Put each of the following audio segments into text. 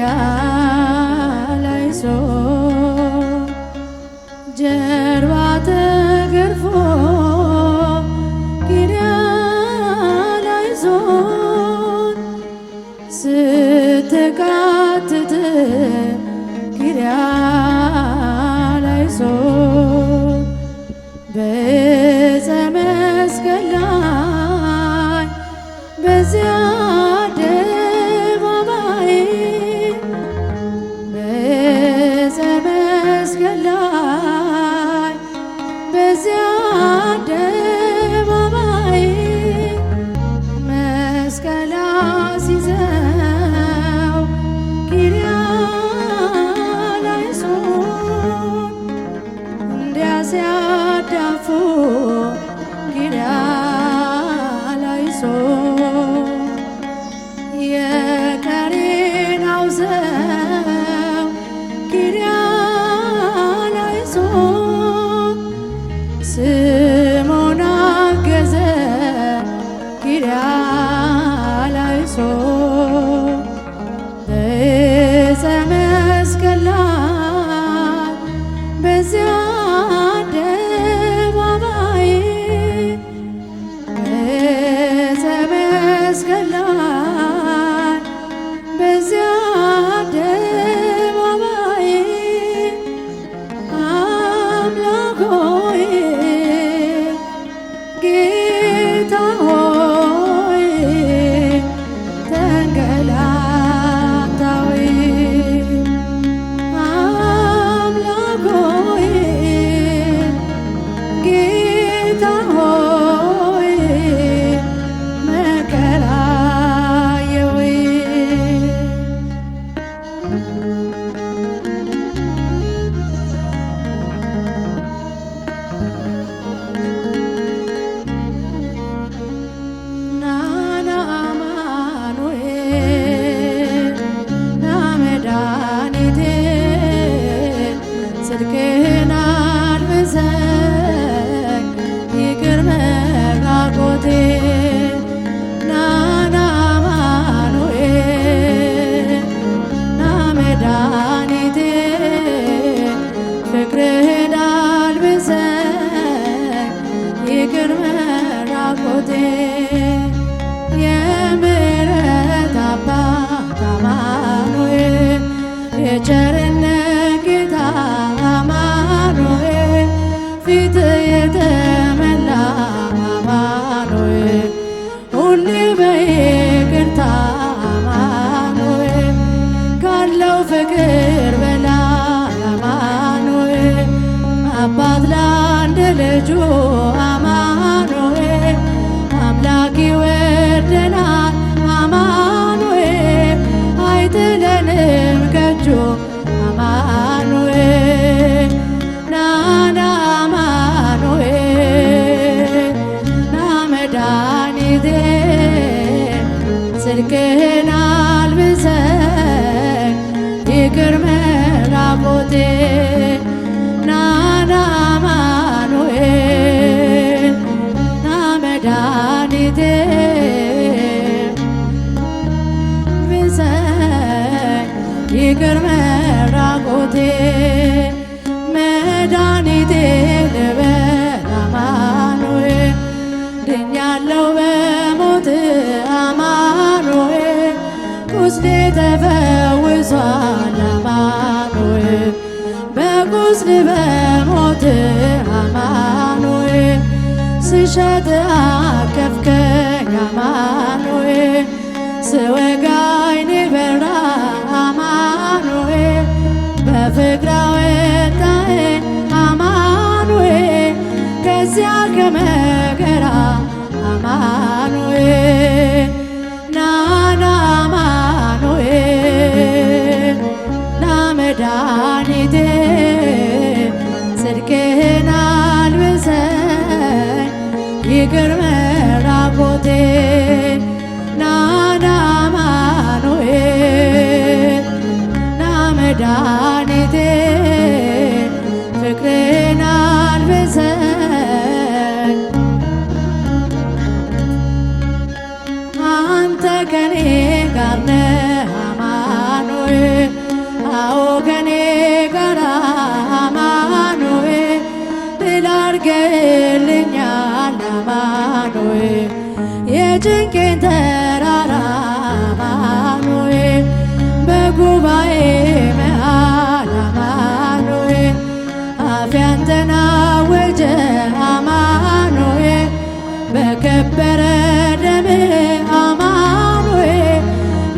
ኃያል ጀርባ ተገርፎ ስትቃትት በዕፀ መስቀል ላይ በዚያ ስምዖን አገዘ ኪርያላይሶን ይለኛል ይቅር መራቆቴ ና መድኃኒቴ ይቅር መራቆቴ ሻገር አቀፍከኝ አማኑኤል ስወጋ ማኑዌ የጭንቄን ተራራ ማኑዌ በጉባኤ መሃል አማኑዌ አፍ ያንተን አወጀ አማኑዌ በከበረ ደምህ አማኑዌ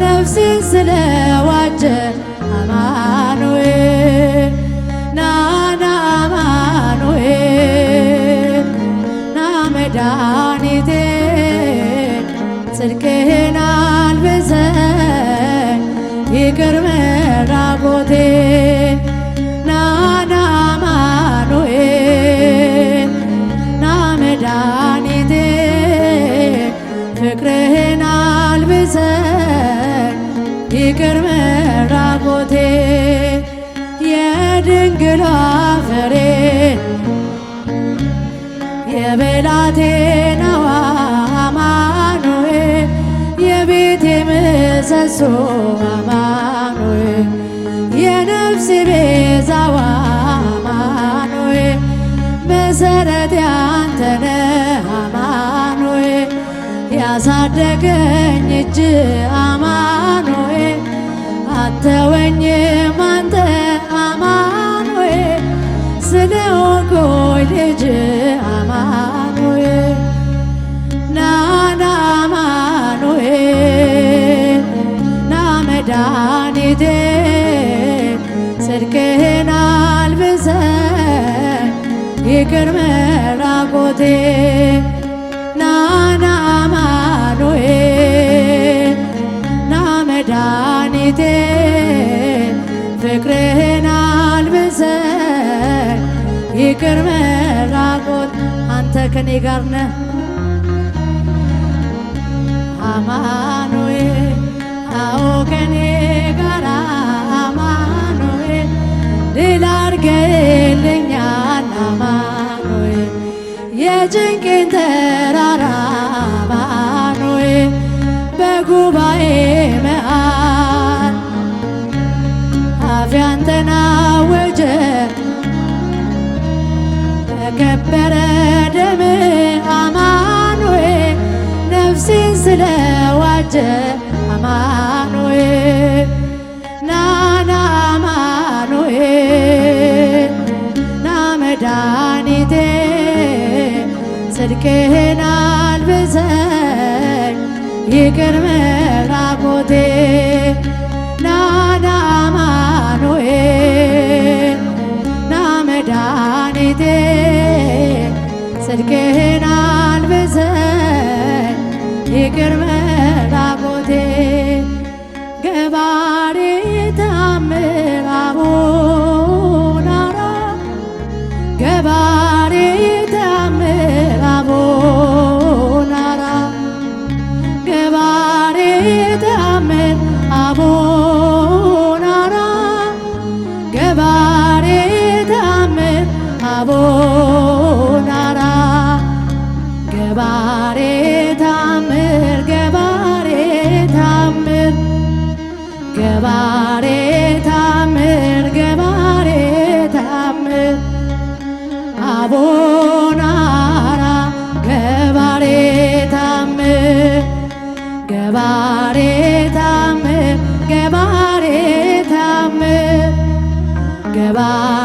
ነፍሴን ስለዋጀ ፍቅር መራቆቴ የድንግሏ ፍሬ የቤላቴ ነው አማኑኤል የቤቴ ምሰሶ አማኑኤል የነፍሴ ቤዛዋ አማኑኤል መሰረት ያንተነ አማኑኤል ያሳደገኝ እጅ አተወኝም አንተ አማኑኤል ስለሆንኩኝ ልጅ አማኑኤል ና አማኑኤል ና መድኃኒቴ ጽድቅህን ይቅር መራቆቴ አማኑኤል ችግር መራቆት አንተ ከኔ ጋር ነ አማኑኤል አዎ ከኔ ጋር አማኑኤል ድል አድርገህልኛል አማኑኤል ተራራ አማኑኤል በጉባኤ መሃል አፌ አንተን አወጀ ከበረ ደም አማኑኤል ነፍሴን ስለዋጀ አማኑኤል ናና ና መድኃኒቴ ጽድቅህን አልብሰኝ ይቅር መራቆቴ ናና ፍቅር መላኮቴ ገባሬ ተአምር አቡናራ ገባሬ ተአምር አቡናራ ገባሬ ተአምር አቡናራ ገባሬ ተአምር Bye.